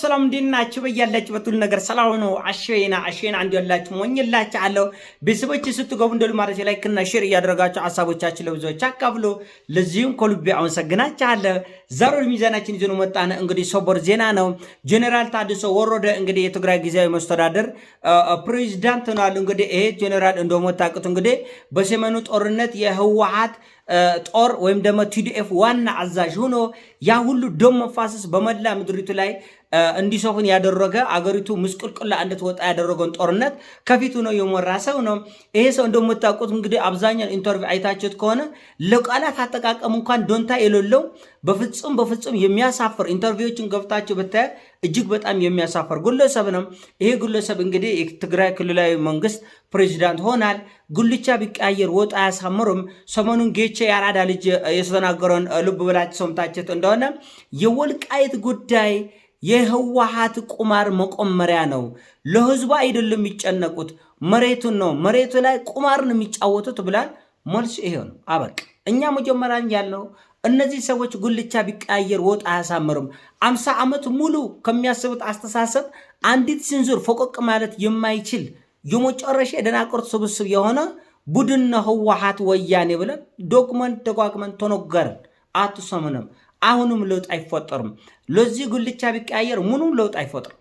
ሰላም እንዴት ናችሁ? በያላችሁበት ሁሉ ነገር ሰላም ነው። አሸና አሸና አንድ ያላችሁ ሞኝላችሁ አለው ቤተሰቦች ስትገቡ እንደሉ ማለት ላይክ እና ሼር እያደረጋችሁ ሀሳቦቻችን ለብዙዎች አካፍሉ። ለዚህም ከልቤ አመሰግናችኋለሁ። ዛሬ ሚዛናችን ይዘን መጣን። እንግዲህ ሰበር ዜና ነው። ጄኔራል ታድሶ ወረደ እንግዲህ የትግራይ ጊዜያዊ መስተዳደር ፕሬዚዳንት ነው ሆኗል። እንግዲህ ይሄ ጄኔራል እንደሞታቅቱ እንግዲህ በሰሜኑ ጦርነት የህወሓት ጦር ወይም ደግሞ ቲዲኤፍ ዋና አዛዥ ሆኖ ያ ሁሉ ደም መፋሰስ በመላ ምድሪቱ ላይ እንዲሰፉን ያደረገ አገሪቱ ምስቅልቅላ እንድትወጣ ያደረገውን ጦርነት ከፊቱ ነው የሞራ ሰው ነው። ይሄ ሰው እንደምታውቁት እንግዲህ አብዛኛውን ኢንተርቪው አይታችሁት ከሆነ ለቃላት አጠቃቀም እንኳን ዶንታ የሌለው በፍጹም በፍጹም የሚያሳፍር ኢንተርቪዎችን ገብታችሁ ብታየ እጅግ በጣም የሚያሳፍር ግለሰብ ነው። ይሄ ግለሰብ እንግዲህ የትግራይ ክልላዊ መንግስት ፕሬዚዳንት ሆናል። ጉልቻ ቢቀያየር ወጥ አያሳምርም። ሰሞኑን ጌቼ የአራዳ ልጅ የተናገረውን ልብ ብላችሁ ሰምታችሁት እንደሆነ የወልቃይት ጉዳይ የህወሓት ቁማር መቆመሪያ ነው። ለህዝቡ አይደለም የሚጨነቁት፣ መሬቱን ነው። መሬቱ ላይ ቁማር ነው የሚጫወቱት ብላል። መልሱ ይሄው ነው። አበቅ እኛ መጀመሪያን ያለው እነዚህ ሰዎች ጉልቻ ቢቀያየር ወጥ አያሳምርም። አምሳ ዓመት ሙሉ ከሚያስቡት አስተሳሰብ አንዲት ስንዙር ፎቆቅ ማለት የማይችል የመጨረሻ የደናቁርት ስብስብ የሆነ ቡድን ነው ህወሓት ወያኔ ብለን ዶክመንት ደጓግመን ተነገርን። አትሰምንም። አሁንም ለውጥ አይፈጠርም። ለዚህ ጉልቻ ቢቀያየር ምኑ ለውጥ አይፈጥርም።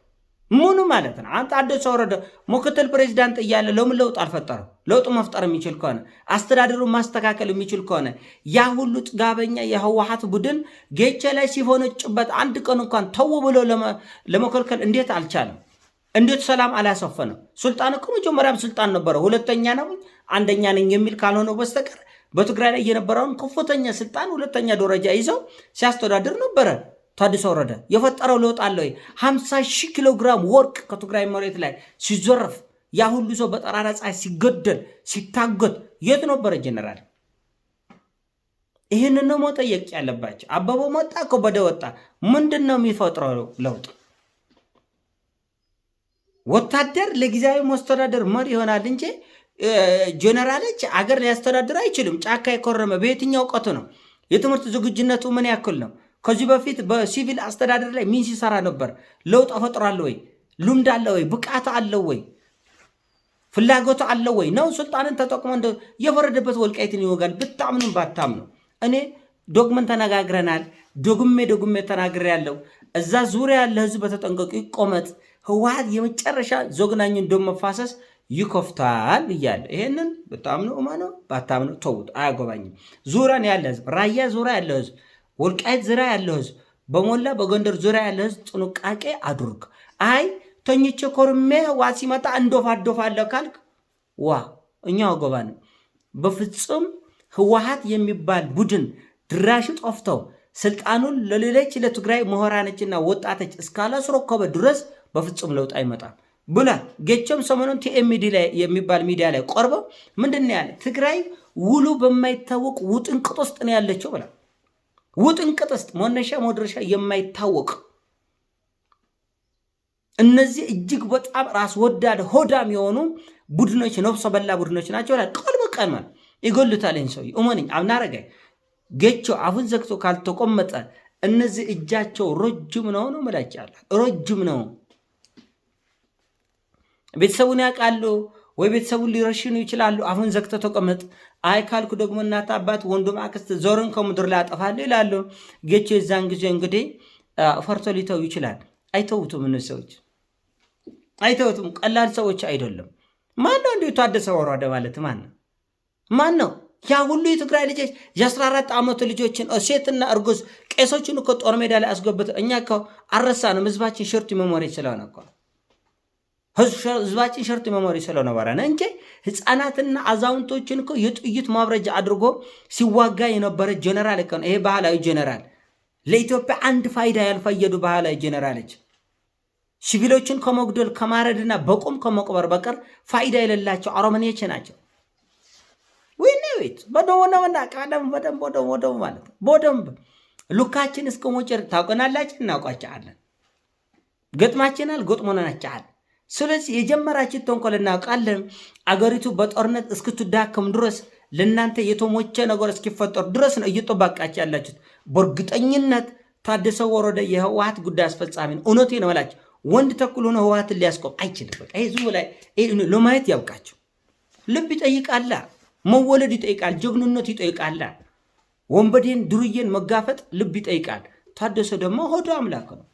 ምኑ ማለት ነው? አንተ ታደሰ ወረደ ምክትል ፕሬዚዳንት እያለ ለምን ለውጥ አልፈጠረም? ለውጥ መፍጠር የሚችል ከሆነ አስተዳደሩን ማስተካከል የሚችል ከሆነ ያ ሁሉ ጥጋበኛ የህወሓት ቡድን ጌቼ ላይ ሲፎነጭበት አንድ ቀን እንኳን ተው ብሎ ለመከልከል እንዴት አልቻለም? እንዴት ሰላም አላሰፈነም? ስልጣን እኮ መጀመሪያም ስልጣን ነበረ። ሁለተኛ ነው አንደኛ ነኝ የሚል ካልሆነው በስተቀር በትግራይ ላይ የነበረውን ከፍተኛ ስልጣን ሁለተኛ ደረጃ ይዘው ሲያስተዳድር ነበረ። ታድሶ ወረደ የፈጠረው ለውጥ አለ ወይ? 50 ሺህ ኪሎ ግራም ወርቅ ከትግራይ መሬት ላይ ሲዘረፍ ያ ሁሉ ሰው በጠራራ ፀሐይ ሲገደል ሲታገት የት ነበረ ጀነራል? ይህንን ነው መጠየቅ ያለባቸው። አበበ መጣ በደ ወጣ፣ ምንድን ነው የሚፈጥረው ለውጥ? ወታደር ለጊዜያዊ መስተዳደር መሪ ይሆናል እንጂ ጀነራሎች አገር ሊያስተዳድር አይችልም። ጫካ የኮረመ በየትኛው እውቀቱ ነው? የትምህርት ዝግጁነቱ ምን ያክል ነው? ከዚህ በፊት በሲቪል አስተዳደር ላይ ምን ሲሰራ ነበር? ለውጥ ተፈጥሯል ወይ? ልምድ አለ ወይ? ብቃት አለ ወይ? ፍላጎት አለ ወይ? ነው ስልጣንን ተጠቅሞ እንደ የፈረደበት ወልቃይትን ይወጋል። ብታምኑም ባታም ነው። እኔ ዶግመን ተነጋግረናል። ዶግሜ ዶግሜ ተናግሬ ያለው እዛ ዙሪያ ያለ ህዝብ በተጠንቀቁ ይቆመጥ። ህወሓት የመጨረሻ ዞግናኝን ደም መፋሰስ ይኮፍታል ብያለሁ። ይሄንን በጣም ነው እማ ባታም ነው ተውት፣ አያጎባኝም። ዙሪያን ያለ ህዝብ ራያ ዙሪያ ያለ ህዝብ ወልቃይት ዙሪያ ያለው ህዝብ በሞላ በጎንደር ዙሪያ ያለ ህዝብ ጥንቃቄ አድርግ። አይ ተኝቼ ኮርሜ ዋ ሲመጣ እንዶፋ ዶፋ አለ ካልክ ዋ እኛ ወገባን በፍጹም ህወሀት የሚባል ቡድን ድራሹ ጠፍተው ስልጣኑን ለሌሎች ለትግራይ ምሁራኖችና ወጣቶች እስካላስረከበ ድረስ በፍጹም ለውጥ አይመጣም ብላ ጌቸውም ሰሞኑን ቲኤምዲ ላይ የሚባል ሚዲያ ላይ ቆርበው ምንድን ያለ ትግራይ ውሉ በማይታወቅ ውጥንቅጥ ውስጥ ነው ያለችው ብላ ውጥንቅጥ ውስጥ መነሻ መድረሻ የማይታወቅ እነዚህ እጅግ በጣም ራስ ወዳድ ሆዳም የሆኑ ቡድኖች ነፍሰ በላ ቡድኖች ናቸው። ቃል ቀን በቀን ይጎሉታል። ሰው እመንኝ አብናረገ ጌቾ አፉን ዘግቶ ካልተቆመጠ እነዚህ እጃቸው ረጅም ነው ነው ምላጫለ ረጅም ነው። ቤተሰቡን ያውቃሉ። ወይ ቤተሰቡን ሊረሽኑ ይችላሉ። አፉን ዘግተ ተቀመጥ፣ አይ ካልኩ ደግሞ እናት አባት፣ ወንድም፣ አክስት ዞርን ከምድር ላይ አጠፋለሁ ይላሉ። ጌቾ የዛን ጊዜ እንግዲህ ፈርቶ ሊተው ይችላል። አይተውቱም፣ እነዚህ ሰዎች አይተውቱም። ቀላል ሰዎች አይደለም። ማን ነው እንዲሁ ታደሰ ወረደ ማለት ማን ነው? ማን ነው? ያ ሁሉ የትግራይ ልጆች የ14 ዓመቱ ልጆችን ሴትና እርጉዝ ቄሶችን እኮ ጦር ሜዳ ላይ አስገብተው እኛ እኮ ነው ህዝባችን ሽርቱ መሞሪ ስለሆነ እኮ ህዝባችን ሸርጥ መሞሪ ስለነበረ ነ እንጂ ህፃናትና አዛውንቶችን እኮ የጥይት ማብረጃ አድርጎ ሲዋጋ የነበረ ጀነራል እኮ ነው። ይሄ ባህላዊ ጀነራል ለኢትዮጵያ አንድ ፋይዳ ያልፈየዱ ባህላዊ ጀነራሎች ሲቪሎችን ከመጉደል ከማረድና በቁም ከመቅበር በቀር ፋይዳ የሌላቸው አሮመኔች ናቸው። ወይኔ ቤት በደወነውና ቃለም በደንብ ወደም ማለት በደንብ ሉካችን እስከ ሞጭር ታውቀናላችን እናውቋቸአለን ገጥማችናል ገጥሞናናቸአል ስለዚህ የጀመራችሁት ተንኮል እናውቃለን። አገሪቱ በጦርነት እስክትዳከም ድረስ ለእናንተ የተሞቸ ነገር እስኪፈጠር ድረስ ነው እየጠባቃች ያላችሁት። በእርግጠኝነት ታደሰ ወረደ የህወሀት ጉዳይ አስፈጻሚ ነው። እውነቴ ነው እላችሁ፣ ወንድ ተኩል ሆነ ህወሀትን ሊያስቆም አይችልም። በቃ ህዝቡ ላይ ለማየት ያብቃችሁ። ልብ ይጠይቃላ፣ መወለድ ይጠይቃል፣ ጀግንነት ይጠይቃላ። ወንበዴን ድሩዬን መጋፈጥ ልብ ይጠይቃል። ታደሰ ደግሞ ሆዶ አምላክ ነው።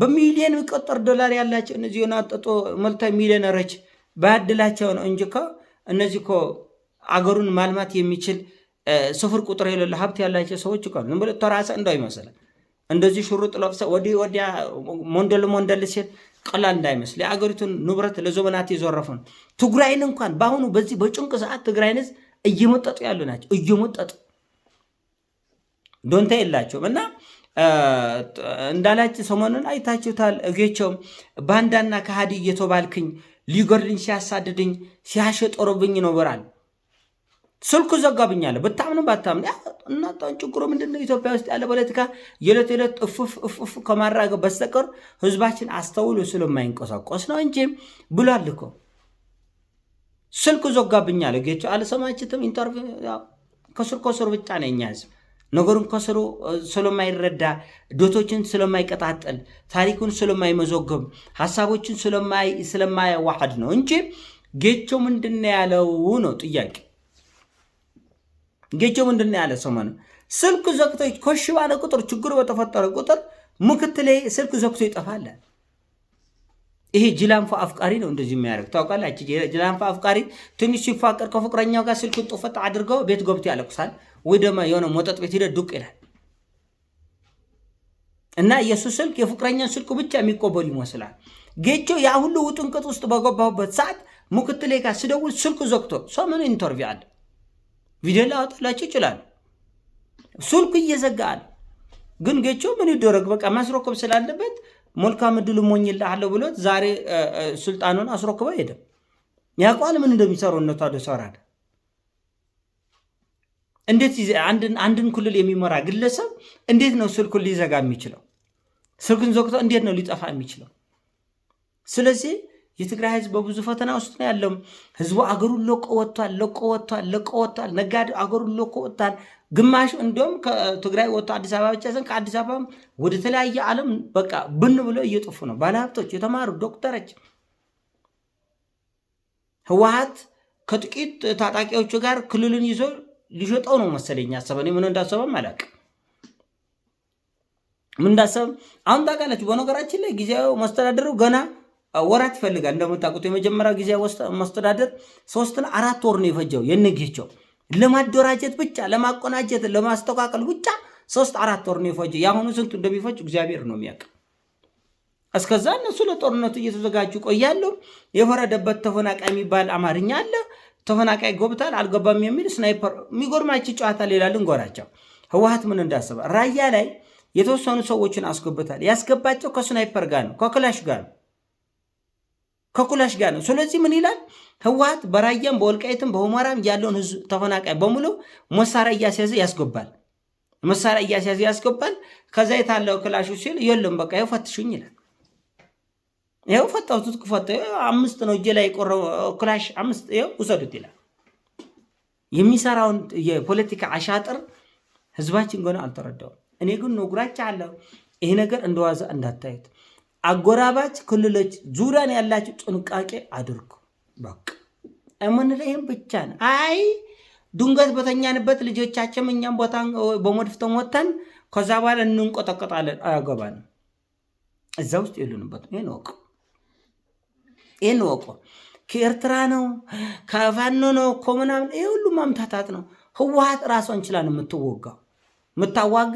በሚሊዮን የሚቆጠር ዶላር ያላቸው እነዚህ የናጠጡ መልታ ሚሊዮነሮች ባያድላቸው ነው እንጂ እኮ እነዚህ እኮ አገሩን ማልማት የሚችል ስፍር ቁጥር የሌለ ሀብት ያላቸው ሰዎች እኮ ዝም ብሎ ተራሰ እንዳይመስል እንደዚህ ሽሩጥ ለብሰ ወዲህ ወዲያ ሞንደል ሞንደል ሲል ቀላል እንዳይመስል የአገሪቱን ንብረት ለዘመናት የዘረፉ ነው። ትግራይን እንኳን በአሁኑ በዚህ በጭንቅ ሰዓት ትግራይን እየመጠጡ ያሉ ናቸው። እየመጠጡ ዶንታ የላቸውም እና እንዳላጭ ሰሞኑን አይታችሁታል። እጌቸውም ባንዳና ከሃዲ እየተባልክኝ ሊጎርድኝ ሲያሳድድኝ ሲያሸጦርብኝ ይኖበራል። ስልኩ ዘጋብኛለ። ብታምኑ ባታምኑ እናጣን ችግሩ ምንድን ነው? ኢትዮጵያ ውስጥ ያለ ፖለቲካ የዕለት የዕለት እፍፍ እፍፍ ከማራገ በስተቀር ህዝባችን አስተውሎ ስለማይንቀሳቀስ ነው እንጂ ብሏል እኮ። ስልኩ ዘጋብኛለ። አለ ጌቸው። አልሰማችትም። ኢንተርቪው ከስር ከስር ብቻ ነው ህዝብ ነገሩን ከስሩ ስለማይረዳ ዶቶችን ስለማይቀጣጠል ታሪኩን ስለማይመዘገብ ሀሳቦችን ስለማያዋሐድ ነው እንጂ ጌቾ ምንድነው ያለው ነው ጥያቄ። ጌቾ ምንድነው ያለ ሰሞኑ ስልክ ዘግቶ ኮሽ ባለ ቁጥር ችግሩ በተፈጠረ ቁጥር ምክትሌ ስልክ ዘግቶ ይጠፋል። ይሄ ጅላንፋ አፍቃሪ ነው እንደዚህ የሚያደርግ ታውቃላችሁ። ጅላንፎ አፍቃሪ ትንሽ ሲፋቀር ከፍቅረኛው ጋር ስልኩን ጡፈት አድርገው ቤት ገብቶ ያለቅሳል። ወይ ደግሞ የሆነ መጠጥ ቤት ሂደህ ዱቅ ይላል እና የእሱ ስልክ የፍቅረኛን ስልኩ ብቻ የሚቆበል ይመስላል። ጌቾ ያ ሁሉ ውጥንቅጥ ውስጥ በገባሁበት ሰዓት ምክትሌ ጋር ስደውል ስልኩ ዘግቶ ሰው ምን ኢንተርቪው አለ ቪዲዮ ላወጣላቸው ይችላል። ስልኩ እየዘጋ አለ። ግን ጌቾ ምን ይደረግ በቃ ማስረከብ ስላለበት መልካም እድል ሞኝልሃለሁ ብሎት ዛሬ ስልጣኑን አስረክበው ሄደ። ያቋል ምን እንደሚሰሩ እነቷ ደሰራል እንዴት አንድን ክልል የሚመራ ግለሰብ እንዴት ነው ስልኩን ሊዘጋ የሚችለው? ስልኩን ዘግቶ እንዴት ነው ሊጠፋ የሚችለው? ስለዚህ የትግራይ ህዝብ በብዙ ፈተና ውስጥ ነው ያለው። ህዝቡ አገሩን ለቆ ወጥቷል፣ ለቆ ወጥቷል፣ ለቆ ወጥቷል። ነጋዴው አገሩን ለቆ ወጥቷል። ግማሽ እንዲሁም ከትግራይ ወጥቶ አዲስ አበባ ብቻ ሳይሆን ከአዲስ አበባ ወደ ተለያየ ዓለም በቃ ብን ብሎ እየጠፉ ነው። ባለሀብቶች፣ የተማሩ ዶክተሮች ህወሀት ከጥቂት ታጣቂዎቹ ጋር ክልልን ይዞ ሊሸጠው ነው መሰለኝ ያሰበ እኔ ምን እንዳሰበም አላውቅም። ምን እንዳሰበም አሁን ታውቃላችሁ። በነገራችን ላይ ጊዜያዊ መስተዳደሩ ገና ወራት ይፈልጋል። እንደምታውቁት የመጀመሪያው ጊዜያዊ መስተዳደር ሶስትና አራት ወር ነው የፈጀው የነጌቸው ለማደራጀት ብቻ ለማቆናጀት ለማስተካከል ብቻ ሶስት አራት ወር ነው የፈጀው። የአሁኑ ስንቱ እንደሚፈጅ እግዚአብሔር ነው የሚያውቅ። እስከዛ እነሱ ለጦርነቱ እየተዘጋጁ ቆያለሁ። የፈረደበት ተፈናቃይ የሚባል አማርኛ አለ። ተፈናቃይ ገብቷል አልገባም የሚል ስናይፐር የሚጎርማች ጨዋታ ሌላ ልንጎራቸው። ህወሀት ምን እንዳሰበ ራያ ላይ የተወሰኑ ሰዎችን አስጎብታል ያስገባቸው ከስናይፐር ጋር ነው፣ ከክላሽ ጋር ነው፣ ከኩላሽ ጋር ነው። ስለዚህ ምን ይላል ህወሀት በራያም በወልቃይትም በሁመራም ያለውን ህዝብ ተፈናቃይ በሙሉ መሳሪያ እያስያዘ ያስገባል፣ መሳሪያ እያስያዘ ያስገባል። ከዛ የታለው ክላሹ ሲል የለም በቃ ፈትሹኝ ይላል። ይኸው ፈታው ትጥቅ አምስት ነው እጄ ላይ ቆረ ክላሽ አምስት ይኸው ውሰዱት ይላል። የሚሰራውን የፖለቲካ አሻጥር ህዝባችን ገና አልተረዳውም። እኔ ግን ነግራቻ አለሁ። ይሄ ነገር እንደዋዛ እንዳታዩት። አጎራባች ክልሎች ዙሪያን ያላቸው ጥንቃቄ አድርጉ። በቃ የምንለው ይህም ብቻ ነው። አይ ድንገት በተኛንበት ልጆቻችን እኛም ቦታ በሞድፍ ተሞተን ከዛ በኋላ እንንቆጠቀጣለን። አያገባንም። እዛ ውስጥ የሉንበት ይህን ወቅ ይህን ወቁ። ከኤርትራ ነው ከፋኖ ነው እኮ ምናምን ይህ ሁሉ ማምታታት ነው። ህወሀት ራሷን ችላ ነው የምትወጋው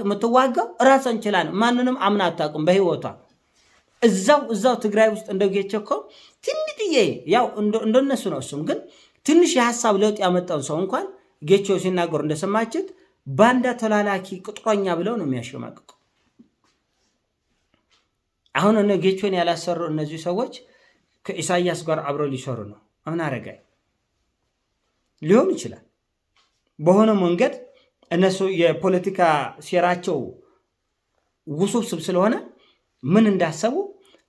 የምትዋጋው ራሷን ችላ ነው። ማንንም አምና አታውቅም በህይወቷ እዛው እዛው ትግራይ ውስጥ እንደው ጌቸ እኮ ያው እንደነሱ ነው። እሱም ግን ትንሽ የሀሳብ ለውጥ ያመጣውን ሰው እንኳን ጌቸው ሲናገሩ እንደሰማችት ባንዳ፣ ተላላኪ፣ ቅጥሮኛ ብለው ነው የሚያሸማቅቁ። አሁን ጌቾን ያላሰሩ እነዚህ ሰዎች ከኢሳያስ ጋር አብረው ሊሰሩ ነው። ምን ሊሆን ይችላል። በሆነ መንገድ እነሱ የፖለቲካ ሴራቸው ውስብስብ ስለሆነ ምን እንዳሰቡ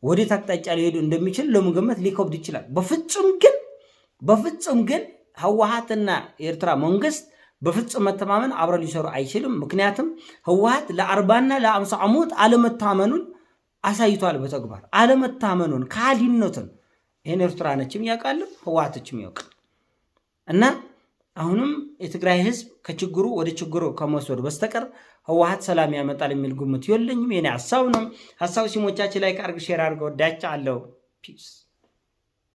ወዴት አቅጣጫ ሊሄዱ እንደሚችል ለመገመት ሊከብድ ይችላል። በፍጹም ግን በፍጹም ግን ህወሀትና የኤርትራ መንግስት በፍጹም መተማመን አብረው ሊሰሩ አይችልም። ምክንያቱም ህወሀት ለአርባና ለአምሳ ዓመት አለመታመኑን አሳይቷል። በተግባር አለመታመኑን ካሊነትን ይህን ኤርትራ ኤርትራኖችም ያውቃል፣ ህወሓቶችም ያውቃል። እና አሁንም የትግራይ ህዝብ ከችግሩ ወደ ችግሩ ከመውሰዱ በስተቀር ህወሓት ሰላም ያመጣል የሚል ግምት የለኝም። የኔ ሀሳብ ነው። ሀሳብ ሲሞቻችን ላይ ከአርግ ሼር አድርገው ዳቻ አለው ፒስ